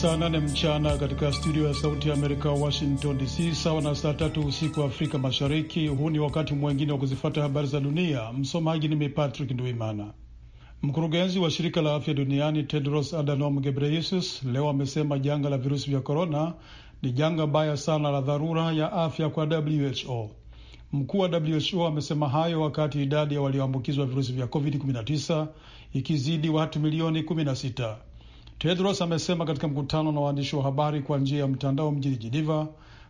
saa nane mchana katika studio ya Sauti ya Amerika, Washington DC, sawa na saa tatu usiku wa Afrika Mashariki. Huu ni wakati mwengine wa kuzifata habari za dunia. Msomaji nimi Patrick Nduimana. Mkurugenzi wa shirika la afya duniani Tedros Adhanom Ghebreyesus leo amesema janga la virusi vya korona ni janga baya sana la dharura ya afya kwa WHO. Mkuu wa WHO amesema hayo wakati idadi ya walioambukizwa virusi vya COVID-19 ikizidi watu milioni 16. Tedros amesema katika mkutano na waandishi wa habari kwa njia ya mtandao mjini Geneva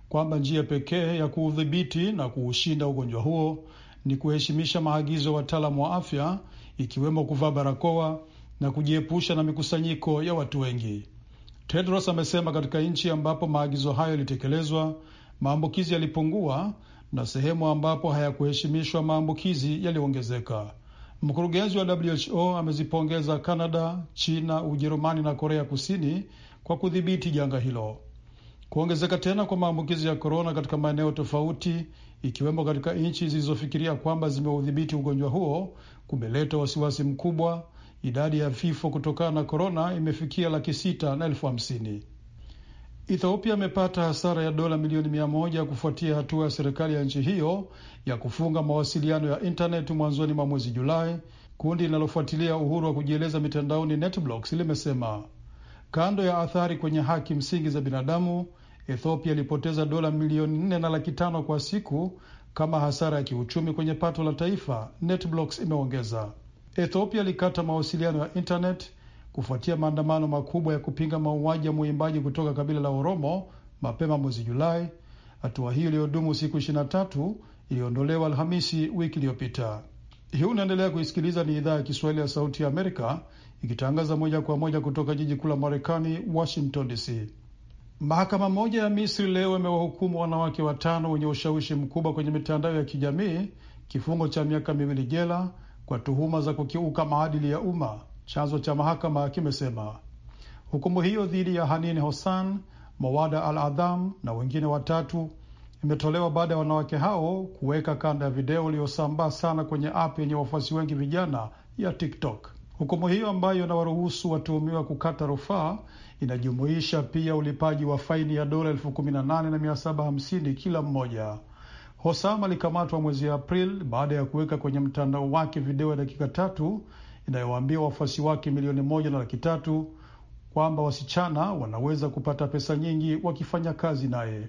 kwamba njia pekee ya kuudhibiti na kuushinda ugonjwa huo ni kuheshimisha maagizo ya wataalamu wa afya ikiwemo kuvaa barakoa na kujiepusha na mikusanyiko ya watu wengi. Tedros amesema katika nchi ambapo maagizo hayo yalitekelezwa, maambukizi yalipungua na sehemu ambapo hayakuheshimishwa, maambukizi yaliongezeka. Mkurugenzi wa WHO amezipongeza canada China, Ujerumani na Korea Kusini kwa kudhibiti janga hilo. Kuongezeka tena kwa maambukizi ya korona katika maeneo tofauti ikiwemo katika nchi zilizofikiria kwamba zimeudhibiti ugonjwa huo kumeleta wasiwasi mkubwa. Idadi ya vifo kutokana na korona imefikia laki sita na elfu hamsini. Ethiopia amepata hasara ya dola milioni mia moja kufuatia hatua ya serikali ya nchi hiyo ya kufunga mawasiliano ya intaneti mwanzoni mwa mwezi Julai. Kundi linalofuatilia uhuru wa kujieleza mitandaoni NetBlocks limesema kando ya athari kwenye haki msingi za binadamu, Ethiopia ilipoteza dola milioni nne na laki tano kwa siku kama hasara ya kiuchumi kwenye pato la taifa, NetBlocks imeongeza. Ethiopia ilikata mawasiliano ya intaneti kufuatia maandamano makubwa ya kupinga mauaji ya mwimbaji kutoka kabila la Oromo mapema mwezi Julai. Hatua hiyo iliyodumu siku 23 iliondolewa Alhamisi wiki iliyopita. Hii unaendelea kuisikiliza, ni idhaa ya Kiswahili ya Sauti ya Amerika ikitangaza moja kwa moja kutoka jiji kuu la Marekani, Washington DC. Mahakama moja ya Misri leo imewahukumu wanawake watano wenye ushawishi mkubwa kwenye mitandao ya kijamii kifungo cha miaka miwili jela kwa tuhuma za kukiuka maadili ya umma Chanzo cha mahakama kimesema hukumu hiyo dhidi ya Hanin Hosan, Mowada Al Adham na wengine watatu imetolewa baada ya wanawake hao kuweka kanda ya video iliyosambaa sana kwenye app yenye wafuasi wengi vijana ya TikTok. Hukumu hiyo ambayo inawaruhusu watuhumiwa kukata rufaa inajumuisha pia ulipaji wa faini ya dola elfu kumi na nane na mia saba hamsini kila mmoja. Hosam alikamatwa mwezi Aprili baada ya kuweka kwenye mtandao wake video ya dakika tatu inayowaambia wafuasi wake milioni moja na laki tatu kwamba wasichana wanaweza kupata pesa nyingi wakifanya kazi naye.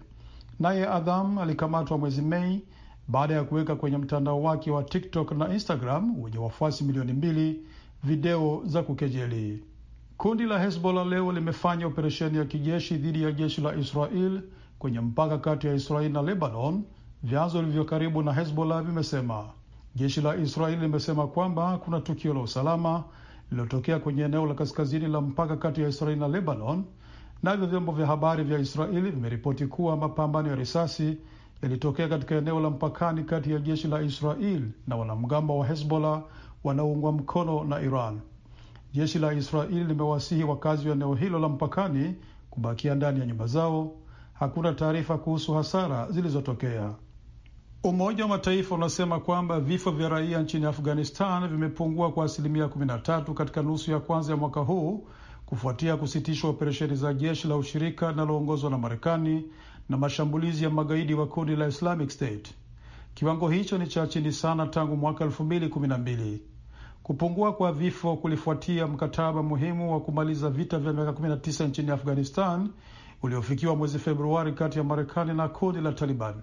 Naye Adham alikamatwa mwezi Mei baada ya kuweka kwenye mtandao wake wa TikTok na Instagram wenye wafuasi milioni mbili video za kukejeli. Kundi la Hezbollah leo limefanya operesheni ya kijeshi dhidi ya jeshi la Israel kwenye mpaka kati ya Israeli na Lebanon, vyanzo vilivyo karibu na Hezbollah vimesema. Jeshi la Israeli limesema kwamba kuna tukio la usalama lililotokea kwenye eneo la kaskazini la mpaka kati ya Israeli na Lebanon. Navyo vyombo vya habari vya Israeli vimeripoti kuwa mapambano ya risasi yalitokea katika eneo la mpakani kati ya jeshi la israel na wanamgambo wa Hezbollah wanaoungwa mkono na Iran. Jeshi la Israeli limewasihi wakazi wa eneo hilo la mpakani kubakia ndani ya nyumba zao. Hakuna taarifa kuhusu hasara zilizotokea. Umoja wa Mataifa unasema kwamba vifo vya raia nchini Afghanistan vimepungua kwa asilimia 13 katika nusu ya kwanza ya mwaka huu kufuatia kusitishwa operesheni za jeshi la ushirika linaloongozwa na Marekani na mashambulizi ya magaidi wa kundi la Islamic State. Kiwango hicho ni cha chini sana tangu mwaka 2012. Kupungua kwa vifo kulifuatia mkataba muhimu wa kumaliza vita vya miaka 19 nchini Afghanistan uliofikiwa mwezi Februari kati ya Marekani na kundi la Taliban.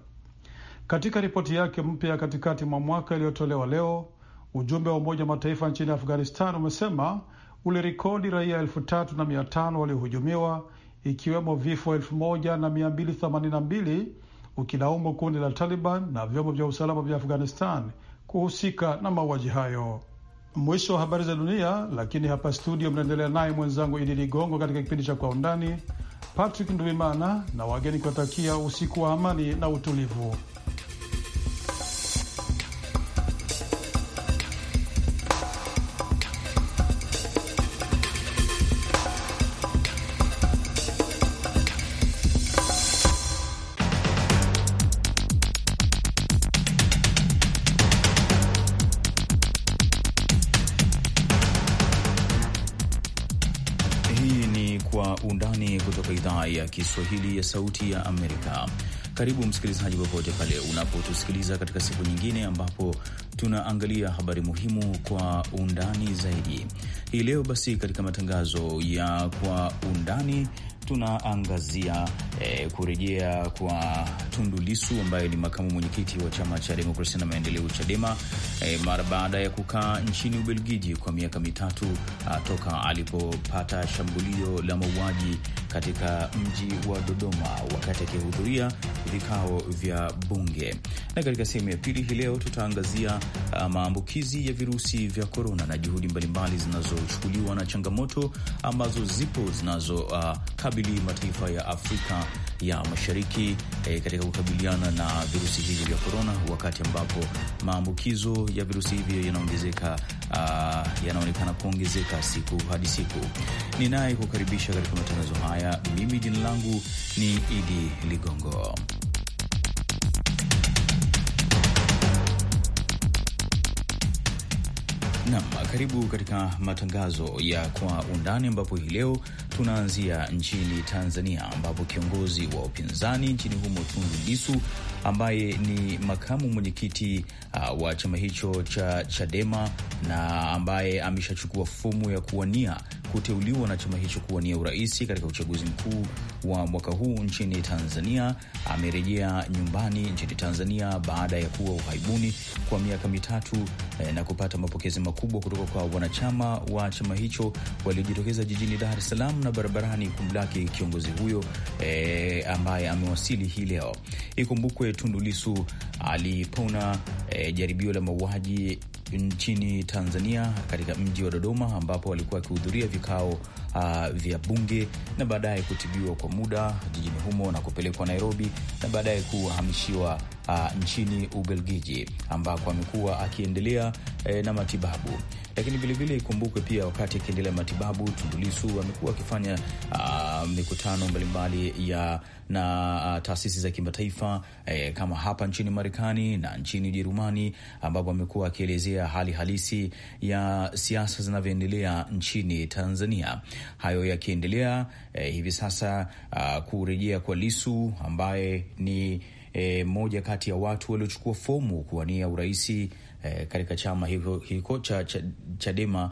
Katika ripoti yake mpya ya katikati mwa mwaka iliyotolewa leo, ujumbe wa Umoja wa Mataifa nchini Afghanistan umesema ulirekodi raia elfu tatu na mia tano waliohujumiwa ikiwemo vifo elfu moja na mia mbili themanini na mbili ukilaumu kundi la Taliban na vyombo vya usalama vya Afghanistan kuhusika na mauaji hayo. Mwisho wa habari za dunia, lakini hapa studio mnaendelea naye mwenzangu Idi Ligongo katika kipindi cha Kwa Undani. Patrick Ndwimana na wageni kuwatakia usiku wa amani na utulivu. Sauti ya Amerika. Karibu msikilizaji, popote pale unapotusikiliza katika siku nyingine ambapo tunaangalia habari muhimu kwa undani zaidi. Hii leo basi, katika matangazo ya kwa undani tunaangazia e, kurejea kwa Tundu Lisu ambaye ni makamu mwenyekiti wa chama cha demokrasia na maendeleo CHADEMA e, mara baada ya kukaa nchini Ubelgiji kwa miaka mitatu a, ah, toka alipopata shambulio la mauaji katika mji wa Dodoma wakati akihudhuria vikao vya bunge. Na katika sehemu ya pili hii leo tutaangazia ah, maambukizi ya virusi vya korona na juhudi mbalimbali zinazochukuliwa na changamoto ambazo zipo zinazo a, ah, kukabili mataifa ya Afrika ya Mashariki e, katika kukabiliana na virusi hivi vya korona, wakati ambapo maambukizo ya virusi hivyo yanaongezeka, yanaonekana kuongezeka siku hadi siku. Ninaye kukaribisha katika matangazo haya, mimi jina langu ni Idi Ligongo. Nam, karibu katika matangazo ya kwa undani, ambapo hii leo tunaanzia nchini Tanzania, ambapo kiongozi wa upinzani nchini humo Tundu Lisu, ambaye ni makamu mwenyekiti uh, wa chama hicho cha Chadema na ambaye ameshachukua fomu ya kuwania kuteuliwa na chama hicho kuwania uraisi katika uchaguzi mkuu wa mwaka huu nchini Tanzania amerejea nyumbani nchini Tanzania baada ya kuwa uhaibuni kwa miaka mitatu eh, na kupata mapokezi makubwa kutoka kwa wanachama wa chama hicho waliojitokeza jijini Dar es Salaam na barabarani kumlaki kiongozi huyo eh, ambaye amewasili hii leo. Ikumbukwe Tundu alipona eh, jaribio la mauaji nchini Tanzania katika mji wa Dodoma ambapo alikuwa akihudhuria vikao uh, vya bunge na baadaye kutibiwa kwa muda jijini humo na kupelekwa Nairobi na baadaye kuhamishiwa uh, nchini Ubelgiji ambako amekuwa akiendelea eh, na matibabu. Lakini vilevile ikumbukwe pia wakati akiendelea matibabu, Tundu Lissu amekuwa akifanya uh, Uh, mikutano mbalimbali ya na uh, taasisi za kimataifa eh, kama hapa nchini Marekani na nchini Ujerumani, ambapo amekuwa akielezea hali halisi ya siasa zinavyoendelea nchini Tanzania. Hayo yakiendelea eh, hivi sasa uh, kurejea kwa Lisu ambaye ni mmoja eh, e, kati ya watu waliochukua fomu kuwania uraisi eh, katika chama hiko, hiko cha Chadema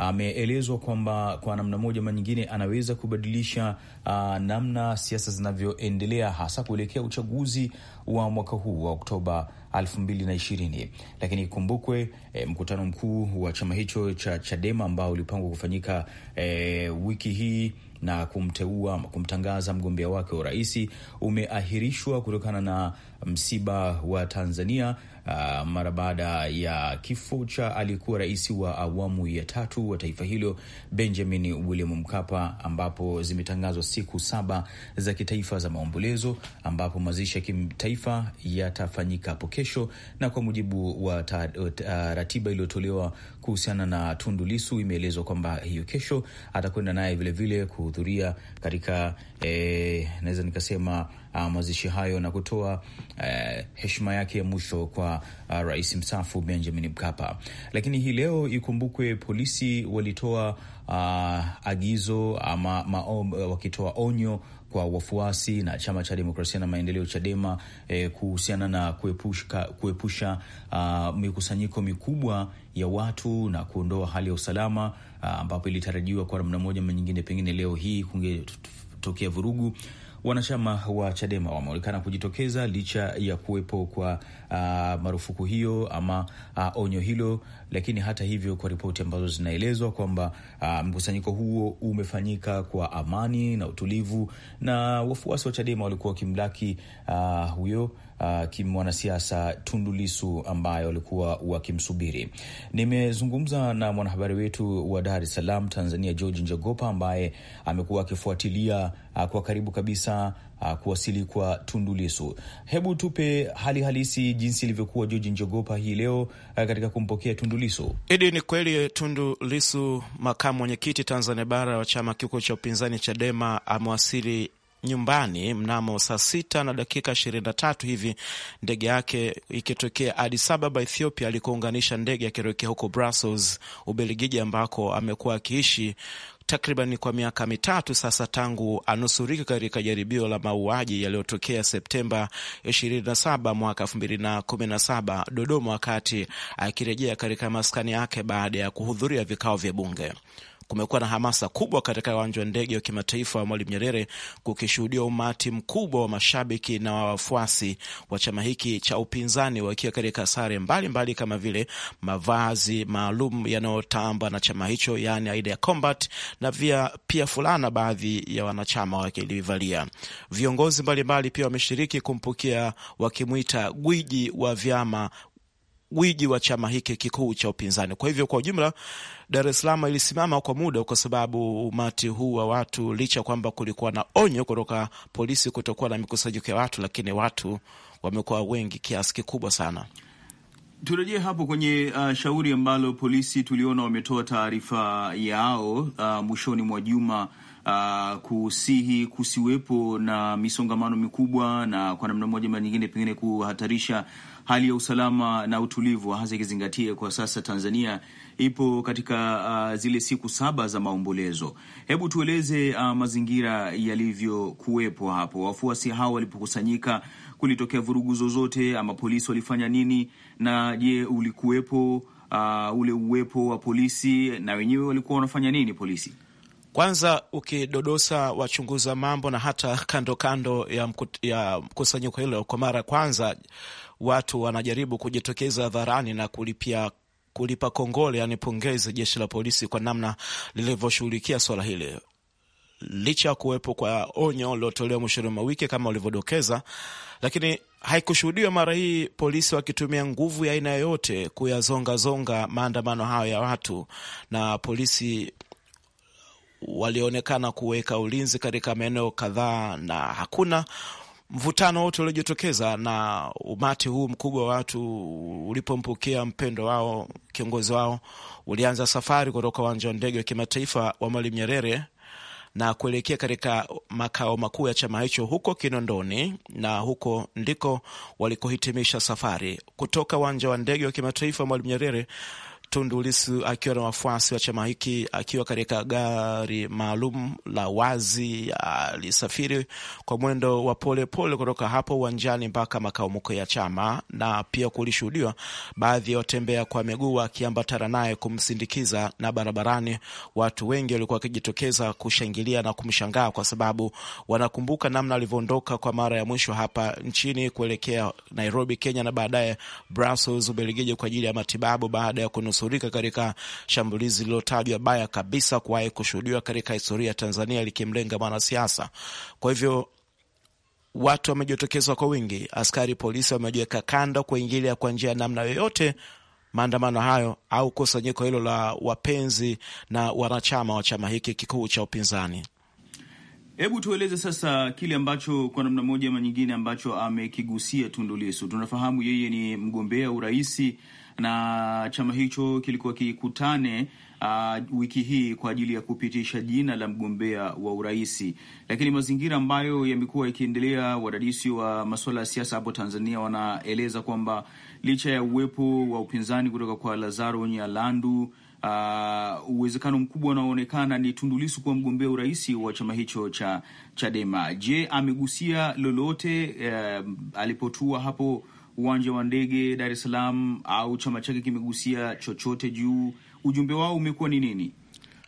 ameelezwa kwamba kwa namna moja ama nyingine anaweza kubadilisha uh, namna siasa zinavyoendelea hasa kuelekea uchaguzi wa mwaka huu wa Oktoba 2020. Lakini ikumbukwe e, mkutano mkuu wa chama hicho cha Chadema ambao ulipangwa kufanyika e, wiki hii na kumteua kumtangaza mgombea wake wa urais umeahirishwa kutokana na msiba wa Tanzania uh, mara baada ya kifo cha aliyekuwa rais wa awamu ya tatu wa taifa hilo Benjamin William Mkapa, ambapo zimetangazwa siku saba za kitaifa za maombolezo, ambapo mazishi ya kitaifa yatafanyika hapo kesho, na kwa mujibu wa ta, uh, ratiba iliyotolewa kuhusiana na Tundu Lisu, imeelezwa kwamba hiyo kesho atakwenda naye vilevile kuhudhuria katika e, naweza nikasema ah, mazishi hayo na kutoa uh, heshima yake ya mwisho kwa uh, rais mstaafu Benjamin Mkapa. Lakini hii leo ikumbukwe, polisi walitoa uh, agizo ama maom, wakitoa onyo kwa wafuasi na chama cha demokrasia na maendeleo Chadema e, kuhusiana na kuepusha, kuepusha uh, mikusanyiko mikubwa ya watu na kuondoa hali ya usalama ah, ambapo uh, ilitarajiwa kwa namna moja ama nyingine, pengine leo hii kungetokea vurugu wanachama wa Chadema wameonekana kujitokeza licha ya kuwepo kwa uh, marufuku hiyo ama uh, onyo hilo, lakini hata hivyo, kwa ripoti ambazo zinaelezwa kwamba uh, mkusanyiko huo umefanyika kwa amani na utulivu, na wafuasi wa Chadema walikuwa wakimlaki uh, huyo uh, kimwanasiasa Tundu Lissu ambayo walikuwa wakimsubiri. Nimezungumza na mwanahabari wetu wa Dar es Salaam, Tanzania, George Njogopa ambaye amekuwa akifuatilia uh, kwa karibu kabisa uh, kuwasili kwa Tundu Lissu. Hebu tupe hali halisi jinsi ilivyokuwa, George Njogopa, hii leo uh, katika kumpokea Tundu Lissu. Idi, ni kweli Tundu Lissu, makamu mwenyekiti Tanzania bara wa chama kikuu cha upinzani Chadema, amewasili nyumbani mnamo saa sita na dakika ishirini na tatu hivi, ndege yake ikitokea Addis Ababa, Ethiopia, alikounganisha ndege akitokea huko Brussels, Ubelgiji, ambako amekuwa akiishi takriban kwa miaka mitatu sasa tangu anusurika katika jaribio la mauaji yaliyotokea Septemba 27 mwaka 2017 Dodoma, wakati akirejea katika maskani yake baada ya kuhudhuria vikao vya bunge. Kumekuwa na hamasa kubwa katika uwanja wa ndege wa kimataifa wa Mwalimu Nyerere, kukishuhudia umati mkubwa wa mashabiki na wafuasi wa chama hiki cha upinzani wakiwa katika sare mbalimbali kama vile mavazi maalum yanayotamba na chama hicho, yaani aina ya combat, na via, pia fulana baadhi ya wanachama wakilivalia. Viongozi mbalimbali pia wameshiriki kumpukia, wakimwita gwiji wa vyama wiji wa chama hiki kikuu cha upinzani. Kwa hivyo, kwa ujumla, Dar es Salaam ilisimama kwa muda, kwa sababu umati huu wa watu, licha kwamba kulikuwa na onyo kutoka polisi kutokuwa na mikusanyiko ya watu, lakini watu wamekuwa wengi kiasi kikubwa sana. Turejee hapo kwenye uh, shauri ambalo polisi tuliona wametoa taarifa yao uh, mwishoni mwa juma uh, kusihi kusiwepo na misongamano mikubwa na kwa namna moja ma nyingine pengine kuhatarisha hali ya usalama na utulivu, hasa ikizingatia kwa sasa Tanzania ipo katika uh, zile siku saba za maombolezo. Hebu tueleze uh, mazingira yalivyokuwepo hapo, wafuasi hao walipokusanyika, kulitokea vurugu zozote ama polisi walifanya nini? Na je, ulikuwepo uh, ule uwepo wa polisi na wenyewe walikuwa wanafanya nini polisi? Kwanza ukidodosa wachunguza mambo na hata kando kando ya mkusanyiko hilo, kwa mara ya kwanza watu wanajaribu kujitokeza hadharani na kulipia kulipa kongole, yani pongezi jeshi la polisi kwa namna lilivyoshughulikia swala hili, licha ya kuwepo kwa onyo uliotolewa mwishoni mwa wiki kama ulivyodokeza, lakini haikushuhudiwa mara hii polisi wakitumia nguvu ya aina yoyote kuyazongazonga maandamano hayo ya watu, na polisi walionekana kuweka ulinzi katika maeneo kadhaa na hakuna mvutano wote uliojitokeza na umati huu mkubwa wa watu ulipompokea mpendo wao kiongozi wao ulianza safari kutoka uwanja wa ndege wa kimataifa wa Mwalimu Nyerere na kuelekea katika makao makuu ya chama hicho huko Kinondoni, na huko ndiko walikohitimisha safari kutoka uwanja wa ndege wa kimataifa Mwalimu Nyerere Tundu Lissu akiwa na wafuasi wa chama hiki akiwa katika gari maalum la wazi alisafiri kwa mwendo wa polepole kutoka hapo uwanjani mpaka makao makuu ya chama, na pia kulishuhudiwa baadhi ya watembea kwa miguu wakiambatana naye kumsindikiza, na barabarani watu wengi walikuwa wakijitokeza kushangilia na kumshangaa kwa sababu wanakumbuka namna alivyoondoka kwa mara ya mwisho hapa nchini kuelekea Nairobi, Kenya, na baadaye Brussels, Ubelgiji kwa ajili ya matibabu baada ya kunus ilinusurika katika shambulizi lililotajwa baya kabisa kuwahi kushuhudiwa katika historia ya Tanzania likimlenga mwanasiasa. Kwa hivyo watu wamejitokeza kwa wingi, askari polisi wamejiweka kando kuingilia kwa njia ya namna yoyote maandamano hayo au kusanyiko hilo la wapenzi na wanachama wa chama hiki kikuu cha upinzani. Hebu tueleze sasa kile ambacho kwa namna moja ama nyingine ambacho amekigusia Tundu Lissu. Tunafahamu yeye ni mgombea uraisi na chama hicho kilikuwa kikutane uh, wiki hii kwa ajili ya kupitisha jina la mgombea wa uraisi, lakini mazingira ambayo yamekuwa yakiendelea, wadadisi wa masuala ya siasa hapo Tanzania wanaeleza kwamba licha ya uwepo wa upinzani kutoka kwa Lazaro Nyalandu Uh, uwezekano mkubwa unaoonekana ni Tundu Lissu kuwa mgombea urais wa chama hicho cha Chadema. Je, amegusia lolote uh, alipotua hapo uwanja wa ndege Dar es Salaam au chama chake kimegusia chochote juu? Ujumbe wao umekuwa ni nini?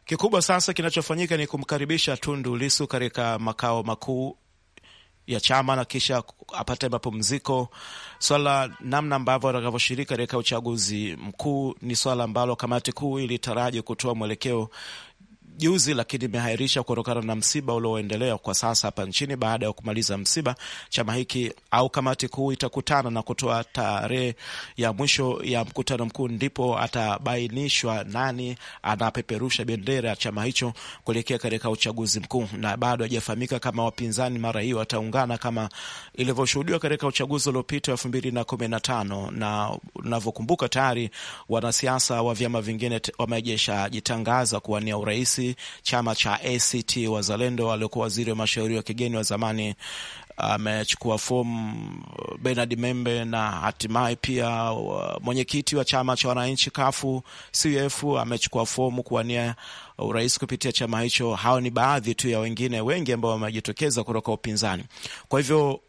Kikubwa sasa kinachofanyika ni kumkaribisha Tundu Lisu katika makao makuu ya chama na kisha apate mapumziko. Swala namna ambavyo atakavyoshiriki katika uchaguzi mkuu ni swala ambalo kamati kuu ilitaraji kutoa mwelekeo juzi, lakini imeahirisha kutokana na msiba ulioendelea kwa sasa hapa nchini. Baada ya kumaliza msiba, chama hiki au kamati kuu itakutana na kutoa tarehe ya mwisho ya mkutano mkuu, ndipo atabainishwa nani anapeperusha bendera ya chama hicho kuelekea katika uchaguzi mkuu, na bado hajafahamika kama wapinzani mara hiyo wataungana kama ilivyoshuhudiwa katika uchaguzi uliopita elfu mbili na kumi na tano na unavyokumbuka, tayari wanasiasa wa vyama vingine wamejesha jitangaza kuwania urahisi Nyeusi, chama cha ACT Wazalendo, aliokuwa waziri wa mashauri wa kigeni wa zamani amechukua fomu Bernard Membe, na hatimaye pia mwenyekiti wa chama cha wananchi kafu CUF amechukua fomu kuwania urais kupitia chama hicho. Hao ni baadhi tu ya wengine wengi ambao wamejitokeza kutoka upinzani. Kwa hivyo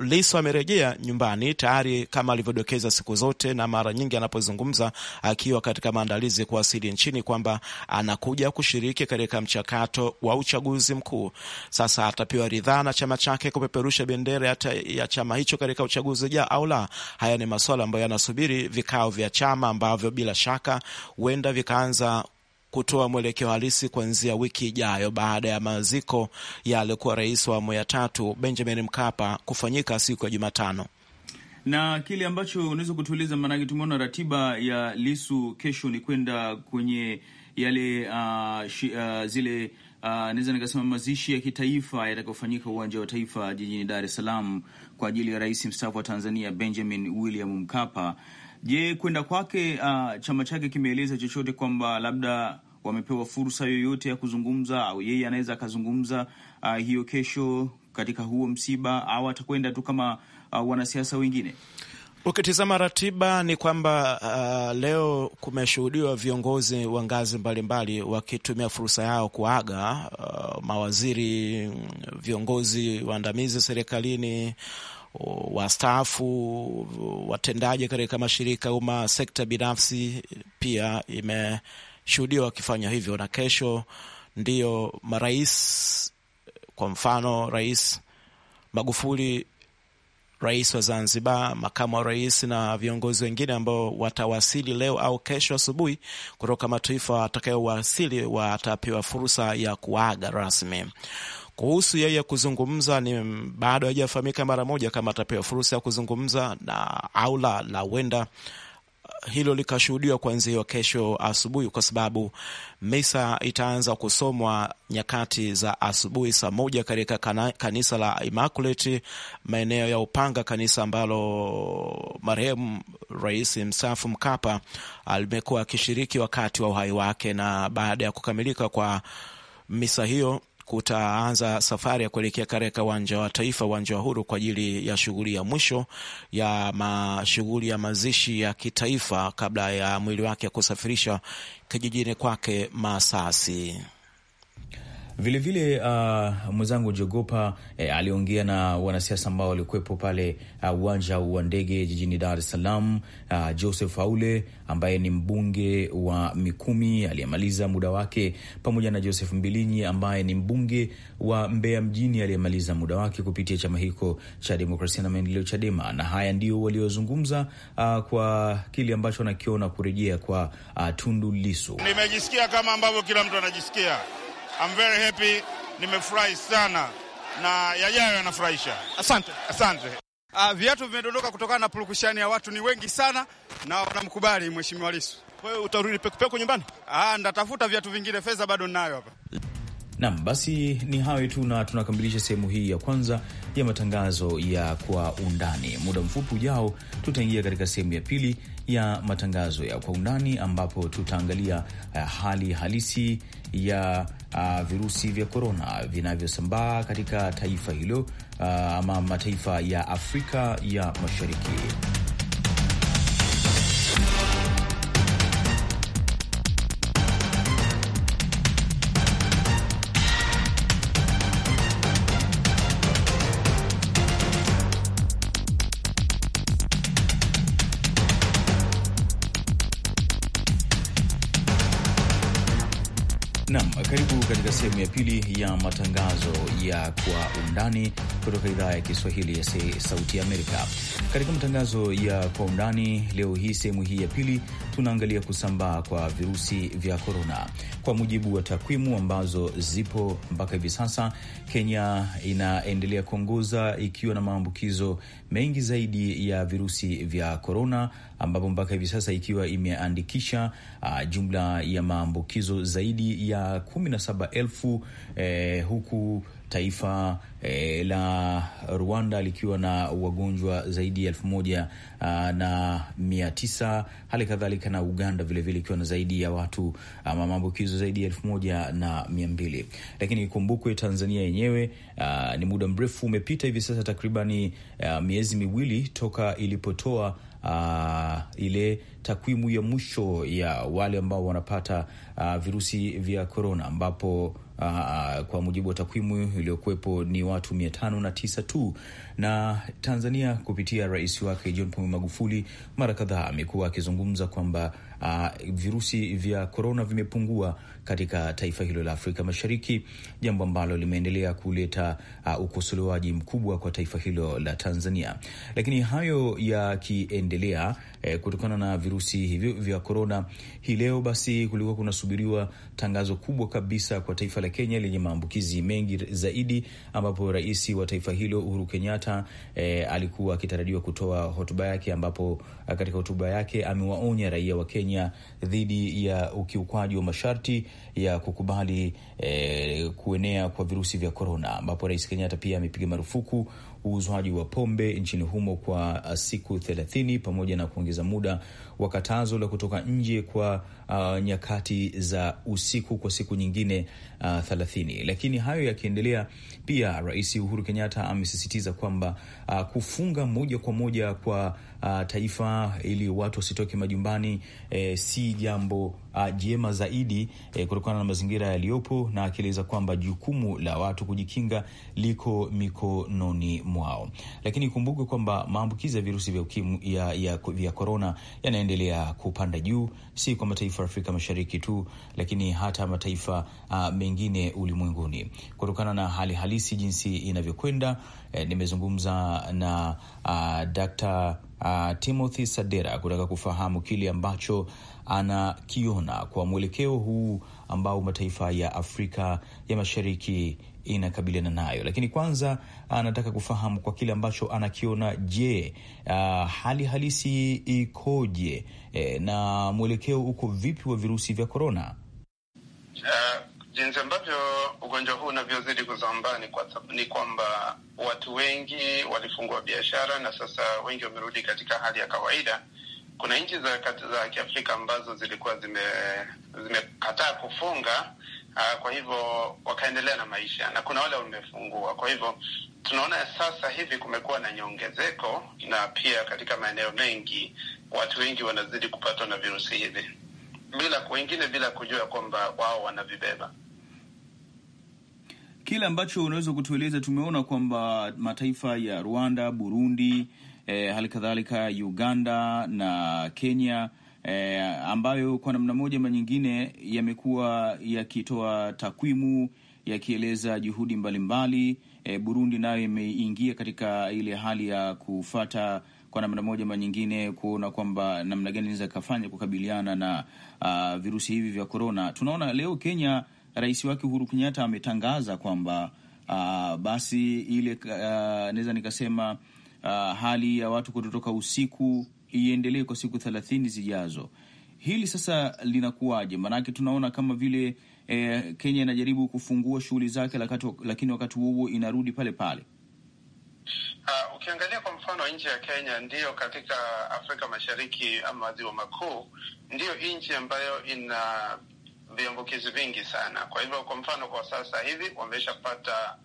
Liso amerejea nyumbani tayari kama alivyodokeza siku zote na mara nyingi anapozungumza akiwa katika maandalizi kuwasili nchini kwamba anakuja kushiriki katika mchakato wa uchaguzi mkuu. Sasa atapewa ridhaa na chama chake kupeperusha bendera ya chama hicho katika uchaguzi ujao au la? Haya ni masuala ambayo yanasubiri vikao vya chama ambavyo bila shaka huenda vikaanza kutoa mwelekeo halisi kuanzia wiki ijayo baada ya maziko ya aliyekuwa rais wa awamu ya tatu Benjamin Mkapa kufanyika siku ya Jumatano. Na kile ambacho unaweza kutueleza, maanake tumeona ratiba ya Lisu kesho ni kwenda kwenye yale uh, shi, uh, zile uh, naweza nikasema mazishi ya kitaifa yatakayofanyika uwanja wa taifa jijini Dar es Salaam kwa ajili ya rais mstaafu wa Tanzania Benjamin William Mkapa. Je, kwenda kwake uh, chama chake kimeeleza chochote kwamba labda wamepewa fursa yoyote ya kuzungumza au yeye anaweza akazungumza uh, hiyo kesho katika huo msiba au atakwenda tu kama uh, wanasiasa wengine? Ukitizama ratiba ni kwamba uh, leo kumeshuhudiwa viongozi wa ngazi mbalimbali wakitumia fursa yao kuaga uh, mawaziri, viongozi waandamizi serikalini wastaafu, watendaji katika mashirika umma, sekta binafsi pia imeshuhudiwa wakifanya hivyo, na kesho ndiyo marais. Kwa mfano, Rais Magufuli, rais wa Zanzibar, makamu wa rais na viongozi wengine ambao watawasili leo au kesho asubuhi kutoka mataifa watakayowasili watapewa fursa ya kuaga rasmi. Kuhusu yeye kuzungumza ni bado hajafahamika mara moja kama atapewa fursa ya kuzungumza na au la, la uh, hilo likashuhudiwa kuanzia kesho asubuhi, kwa sababu misa itaanza kusomwa nyakati za asubuhi saa moja katika kanisa la Immaculate maeneo ya Upanga, kanisa ambalo marehemu rais mstaafu Mkapa alimekuwa akishiriki wakati wa uhai wake, na baada ya kukamilika kwa misa hiyo kutaanza safari ya kuelekea katika uwanja wa taifa, uwanja wa Uhuru, kwa ajili ya shughuli ya mwisho ya mashughuli ya mazishi ya kitaifa kabla ya mwili wake kusafirishwa kijijini kwake Masasi. Vilevile uh, mwenzangu Jogopa eh, aliongea na wanasiasa ambao walikuwepo pale uh, uwanja uh, wa ndege jijini Dar es Salaam. Uh, Joseph Aule ambaye ni mbunge wa Mikumi aliyemaliza muda wake, pamoja na Joseph Mbilinyi ambaye ni mbunge wa Mbeya mjini aliyemaliza muda wake kupitia chama hiko cha Demokrasia na Maendeleo, CHADEMA, na haya ndio waliozungumza uh, kwa kile ambacho anakiona kurejea kwa uh, Tundu Lisu. Nimejisikia kama ambavyo kila mtu anajisikia I'm very happy, nimefurahi sana na yajayo yanafurahisha. Asante, asante. Uh, viatu vimedondoka kutokana na purukushani ya watu, ni wengi sana na wanamkubali Mheshimiwa Lissu. Kwa hiyo utarudi pekupeku nyumbani? Ah, ndatafuta viatu vingine, fedha bado ninayo hapa. Naam, basi ni hayo tu, na tunakamilisha sehemu hii ya kwanza ya matangazo ya kwa undani. Muda mfupi ujao, tutaingia katika sehemu ya pili ya matangazo ya kwa undani, ambapo tutaangalia uh, hali halisi ya uh, virusi vya korona vinavyosambaa katika taifa hilo uh, ama mataifa ya Afrika ya Mashariki. pili ya matangazo ya Kwa Undani kutoka idhaa ya Kiswahili ya Sauti ya Amerika. Katika matangazo ya Kwa Undani leo hii, sehemu hii ya pili, tunaangalia kusambaa kwa virusi vya korona. Kwa mujibu wa takwimu ambazo zipo mpaka hivi sasa, Kenya inaendelea kuongoza ikiwa na maambukizo mengi zaidi ya virusi vya korona, ambapo mpaka hivi sasa ikiwa imeandikisha uh, jumla ya maambukizo zaidi ya 17 elfu eh, huku taifa eh, la Rwanda likiwa na wagonjwa zaidi ya elfu moja uh, na mia tisa hali kadhalika na Uganda vilevile ikiwa na zaidi ya watu ama ah, maambukizo hizo zaidi ya elfu moja na mia mbili lakini ikumbukwe Tanzania yenyewe uh, ni muda mrefu umepita hivi sasa takribani uh, miezi miwili toka ilipotoa uh, ile takwimu ya mwisho ya wale ambao wanapata uh, virusi vya korona ambapo uh, kwa mujibu wa takwimu iliyokuwepo ni watu mia tano na tisa tu, na Tanzania kupitia rais wake John Pombe Magufuli mara kadhaa amekuwa akizungumza kwamba uh, virusi vya korona vimepungua katika taifa hilo la Afrika Mashariki, jambo ambalo limeendelea kuleta uh, ukosolewaji mkubwa kwa taifa hilo la Tanzania. Lakini hayo yakiendelea eh, kutokana na virusi hivyo vya korona. Hii leo basi kulikuwa kunasubiriwa tangazo kubwa kabisa kwa taifa la Kenya lenye maambukizi mengi zaidi, ambapo rais wa taifa hilo Uhuru Kenyatta eh, alikuwa akitarajiwa kutoa hotuba yake, ambapo eh, katika hotuba yake amewaonya raia wa Kenya dhidi ya ukiukwaji wa masharti ya kukubali eh, kuenea kwa virusi vya korona, ambapo rais Kenyatta pia amepiga marufuku uuzwaji wa pombe nchini humo kwa uh, siku thelathini pamoja na kuongeza muda wa katazo la kutoka nje kwa uh, nyakati za usiku kwa siku nyingine uh, thelathini. Lakini hayo yakiendelea, pia Rais Uhuru Kenyatta amesisitiza kwamba uh, kufunga moja kwa moja kwa uh, taifa ili watu wasitoke majumbani eh, si jambo uh, jema zaidi eh, kutokana na mazingira yaliyopo, na akieleza kwamba jukumu la watu kujikinga liko mikononi mwao, lakini kumbuke kwamba maambukizi ya virusi vya ukimu ya, ya, vya korona yanaendelea kupanda juu, si kwa mataifa ya Afrika Mashariki tu, lakini hata mataifa uh, mengine ulimwenguni kutokana na hali halisi jinsi inavyokwenda. Eh, nimezungumza na uh, Dr uh, Timothy Sadera kutaka kufahamu kile ambacho anakiona kwa mwelekeo huu ambao mataifa ya Afrika ya Mashariki inakabiliana nayo, lakini kwanza anataka kufahamu kwa kile ambacho anakiona. Je, uh, hali halisi ikoje? eh, na mwelekeo uko vipi wa virusi vya korona? Ah, Jinsi ambavyo ugonjwa huu unavyozidi kusambaa ni, kwa, ni kwamba watu wengi walifungua biashara na sasa wengi wamerudi katika hali ya kawaida. Kuna nchi za za Kiafrika ambazo zilikuwa zimekataa zime kufunga aa, ah, kwa hivyo wakaendelea na maisha na kuna wale wamefungua. Kwa hivyo tunaona sasa hivi kumekuwa na nyongezeko, na pia katika maeneo mengi watu wengi wanazidi kupatwa na virusi hivi bila wengine bila kujua kwamba wao wanavibeba kile ambacho unaweza kutueleza. Tumeona kwamba mataifa ya Rwanda, Burundi, eh, hali kadhalika Uganda na Kenya eh, ambayo kwa namna moja ama nyingine yamekuwa yakitoa takwimu yakieleza juhudi mbalimbali mbali. Eh, e, Burundi nayo imeingia katika ile hali ya kufata kwa namna moja ma nyingine kuona kwamba namna gani inaweza ikafanya kukabiliana na uh, virusi hivi vya korona. Tunaona leo Kenya rais wake Uhuru Kenyatta ametangaza kwamba uh, basi ile uh, naweza nikasema uh, hali ya watu kutotoka usiku iendelee kwa siku thelathini zijazo. Hili sasa linakuwaje? Maanake tunaona kama vile eh, Kenya inajaribu kufungua shughuli zake, lakini wakati huo inarudi pale pale. Uh, ukiangalia kwa mfano nchi ya Kenya ndiyo katika Afrika Mashariki ama maziwa makuu ndiyo nchi ambayo ina viambukizi vingi sana. Kwa hivyo, kwa mfano, kwa sasa hivi wameshapata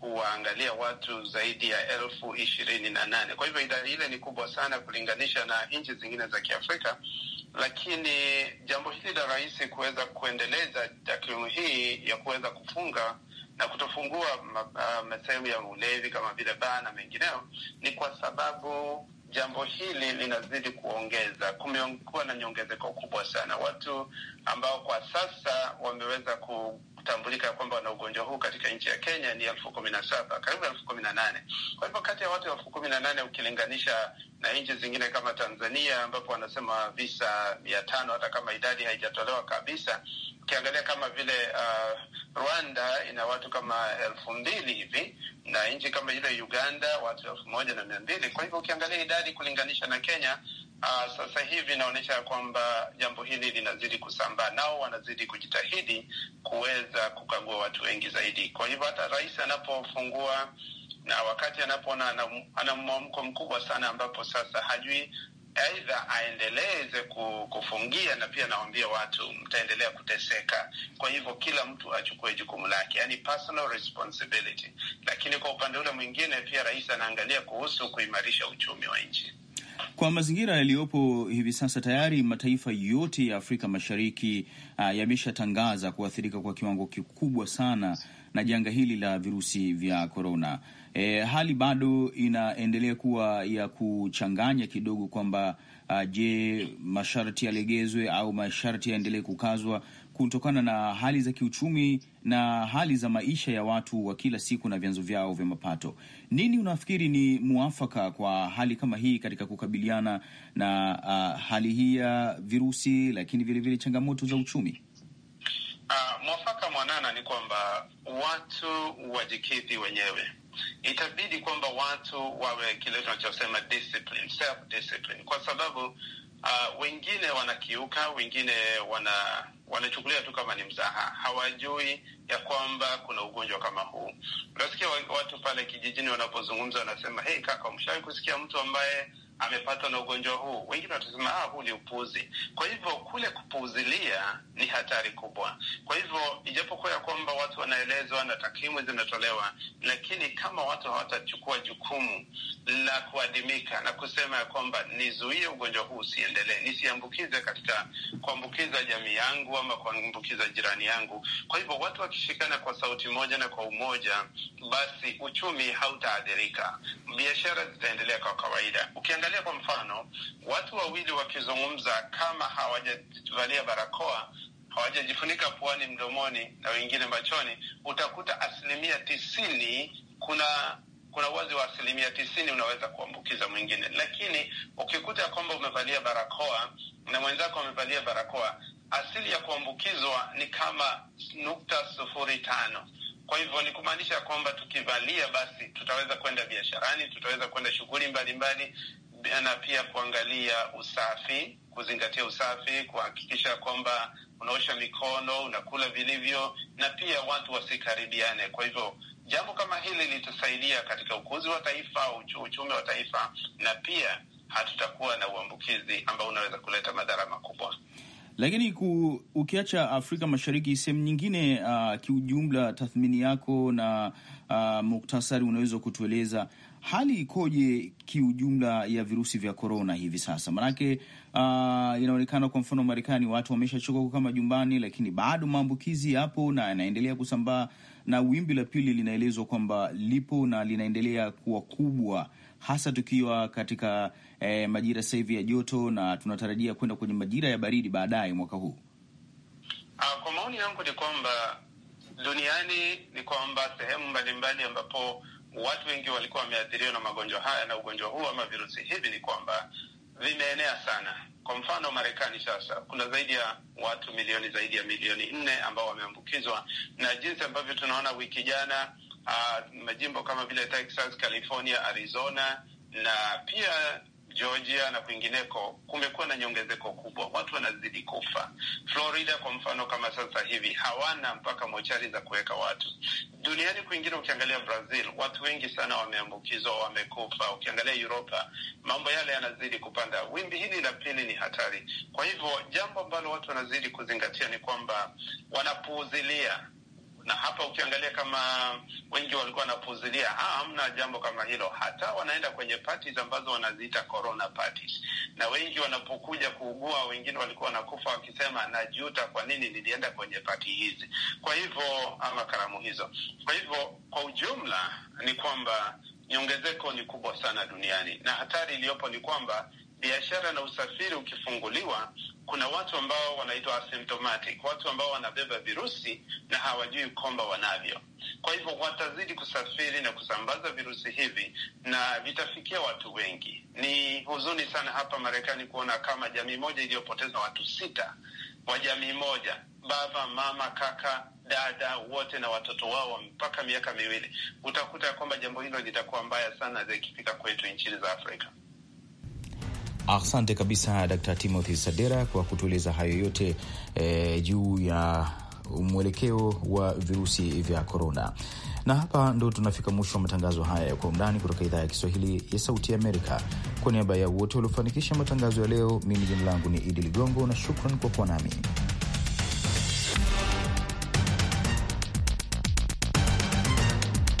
kuwaangalia watu zaidi ya elfu ishirini na nane. Kwa hivyo, idadi ile ni kubwa sana kulinganisha na nchi zingine za Kiafrika, lakini jambo hili la rais kuweza kuendeleza takwimu hii ya kuweza kufunga na kutofungua ah, masehemu sehemu ya ulevi kama vile baa na mengineo ni kwa sababu jambo hili linazidi kuongeza, kumekuwa na nyongezeko kubwa sana watu ambao kwa sasa wameweza kutambulika kwamba wana ugonjwa huu katika nchi ya Kenya ni elfu kumi na saba karibu elfu kumi na nane Kwa hivyo kati ya watu elfu kumi na nane ukilinganisha na nchi zingine kama Tanzania ambapo wanasema visa mia tano hata kama idadi haijatolewa kabisa, ukiangalia kama vile uh, Rwanda ina watu kama elfu mbili hivi na nchi kama ile Uganda watu elfu moja na mia mbili. Kwa hivyo ukiangalia idadi kulinganisha na Kenya, uh, sasa hivi inaonyesha kwamba jambo hili linazidi kusambaa, nao wanazidi kujitahidi kuweza kukagua watu wengi zaidi. Kwa hivyo hata rais anapofungua na wakati anapoona ana mwamko mkubwa sana, ambapo sasa hajui aidha aendeleze kufungia, na pia naambia watu mtaendelea kuteseka. Kwa hivyo kila mtu achukue jukumu lake, yani personal responsibility. Lakini kwa upande ule mwingine pia rais anaangalia kuhusu kuimarisha uchumi wa nchi kwa mazingira yaliyopo hivi sasa, tayari mataifa yote ya Afrika Mashariki uh, yameshatangaza kuathirika kwa kiwango kikubwa sana na janga hili la virusi vya korona. E, hali bado inaendelea kuwa ya kuchanganya kidogo kwamba uh, je, masharti yalegezwe au masharti yaendelee kukazwa kutokana na hali za kiuchumi na hali za maisha ya watu wa kila siku na vyanzo vyao vya mapato. Nini unafikiri ni muafaka kwa hali kama hii katika kukabiliana na uh, hali hii ya virusi, lakini vilevile changamoto za uchumi? mwafaka mwanana ni kwamba watu wajikidhi wenyewe. Itabidi kwamba watu wawe kile tunachosema discipline, self discipline, kwa sababu uh, wengine wanakiuka, wengine wana wanachukulia tu kama ni mzaha, hawajui ya kwamba kuna ugonjwa kama huu. Unasikia watu pale kijijini wanapozungumza wanasema, hey kaka, umshawahi kusikia mtu ambaye amepatwa na ugonjwa huu. Wengine watasema ah, huu ni upuuzi. Kwa hivyo kule kupuuzilia ni hatari kubwa. Kwa hivyo ijapokuwa ya kwamba watu wanaelezwa na takwimu zinatolewa, lakini kama watu hawatachukua jukumu la kuadimika na kusema ya kwamba nizuie ugonjwa huu usiendelee, nisiambukize katika kuambukiza jamii yangu ama kuambukiza jirani yangu. Kwa hivyo watu wakishikana kwa sauti moja na kwa umoja, basi uchumi hautaathirika, biashara zitaendelea kwa kawaida. Ukiangalia Ukiangalia kwa mfano, watu wawili wakizungumza, kama hawajavalia barakoa, hawajajifunika puani, mdomoni na wengine machoni, utakuta asilimia tisini kuna kuna uwazi wa asilimia tisini unaweza kuambukiza mwingine. Lakini ukikuta kwamba umevalia barakoa na mwenzako amevalia barakoa, asili ya kuambukizwa ni kama nukta sufuri tano. Kwa hivyo ni kumaanisha kwamba tukivalia, basi tutaweza kwenda biasharani, tutaweza kwenda shughuli mbalimbali, na pia kuangalia usafi, kuzingatia usafi, kuhakikisha kwamba unaosha mikono, unakula vilivyo, na pia watu wasikaribiane. Kwa hivyo jambo kama hili litasaidia katika ukuzi wa taifa, uchumi wa taifa, na pia hatutakuwa na uambukizi ambao unaweza kuleta madhara makubwa. Lakini ku, ukiacha Afrika Mashariki, sehemu nyingine uh, kiujumla, tathmini yako na uh, muktasari unaweza kutueleza hali ikoje kiujumla ya virusi vya korona hivi sasa? Maanake uh, ah, inaonekana kwa mfano Marekani watu wameshachoka kukaa majumbani, lakini bado maambukizi yapo na yanaendelea kusambaa, na wimbi la pili linaelezwa kwamba lipo na linaendelea kuwa kubwa, hasa tukiwa katika eh, majira sasa hivi ya joto na tunatarajia kwenda kwenye majira ya baridi baadaye mwaka huu. Uh, kwa maoni yangu ni kwamba duniani ni kwamba sehemu mbalimbali ambapo watu wengi walikuwa wameathiriwa na magonjwa haya, na ugonjwa huu ama virusi hivi ni kwamba vimeenea sana. Kwa mfano Marekani sasa kuna zaidi ya watu milioni zaidi ya milioni nne ambao wameambukizwa, na jinsi ambavyo tunaona wiki jana, uh, majimbo kama vile Texas, California, Arizona na pia Georgia na kwingineko kumekuwa na nyongezeko kubwa, watu wanazidi kufa. Florida kwa mfano, kama sasa hivi hawana mpaka mochari za kuweka watu. Duniani kwingine, ukiangalia Brazil, watu wengi sana wameambukizwa, wamekufa. Ukiangalia Uropa, mambo yale yanazidi kupanda. Wimbi hili la pili ni hatari. Kwa hivyo, jambo ambalo watu wanazidi kuzingatia ni kwamba wanapuuzilia na hapa ukiangalia kama wengi walikuwa wanapuzilia, ah, hamna jambo kama hilo. Hata wanaenda kwenye parties ambazo wanaziita corona parties, na wengi wanapokuja kuugua, wengine walikuwa wanakufa wakisema, najuta kwa nini nilienda kwenye pati hizi, kwa hivyo ama karamu hizo. Kwa hivyo kwa ujumla ni kwamba nyongezeko ni kubwa sana duniani, na hatari iliyopo ni kwamba biashara na usafiri ukifunguliwa, kuna watu ambao wanaitwa asymptomatic, watu ambao wanabeba virusi na hawajui kwamba wanavyo. Kwa hivyo watazidi kusafiri na kusambaza virusi hivi na vitafikia watu wengi. Ni huzuni sana hapa Marekani kuona kama jamii moja iliyopoteza watu sita wa jamii moja, baba, mama, kaka, dada wote na watoto wao mpaka miaka miwili. Utakuta ya kwamba jambo hilo litakuwa mbaya sana zikifika kwetu nchini za Afrika. Asante kabisa Dkt. Timothy Sadera kwa kutueleza hayo yote e, juu ya mwelekeo wa virusi vya korona. Na hapa ndo tunafika mwisho wa matangazo haya ya kwa undani kutoka idhaa ya Kiswahili ya Sauti ya Amerika. Kwa niaba ya wote waliofanikisha matangazo ya leo, mimi jina langu ni Idi Ligongo na shukran kwa kuwa nami.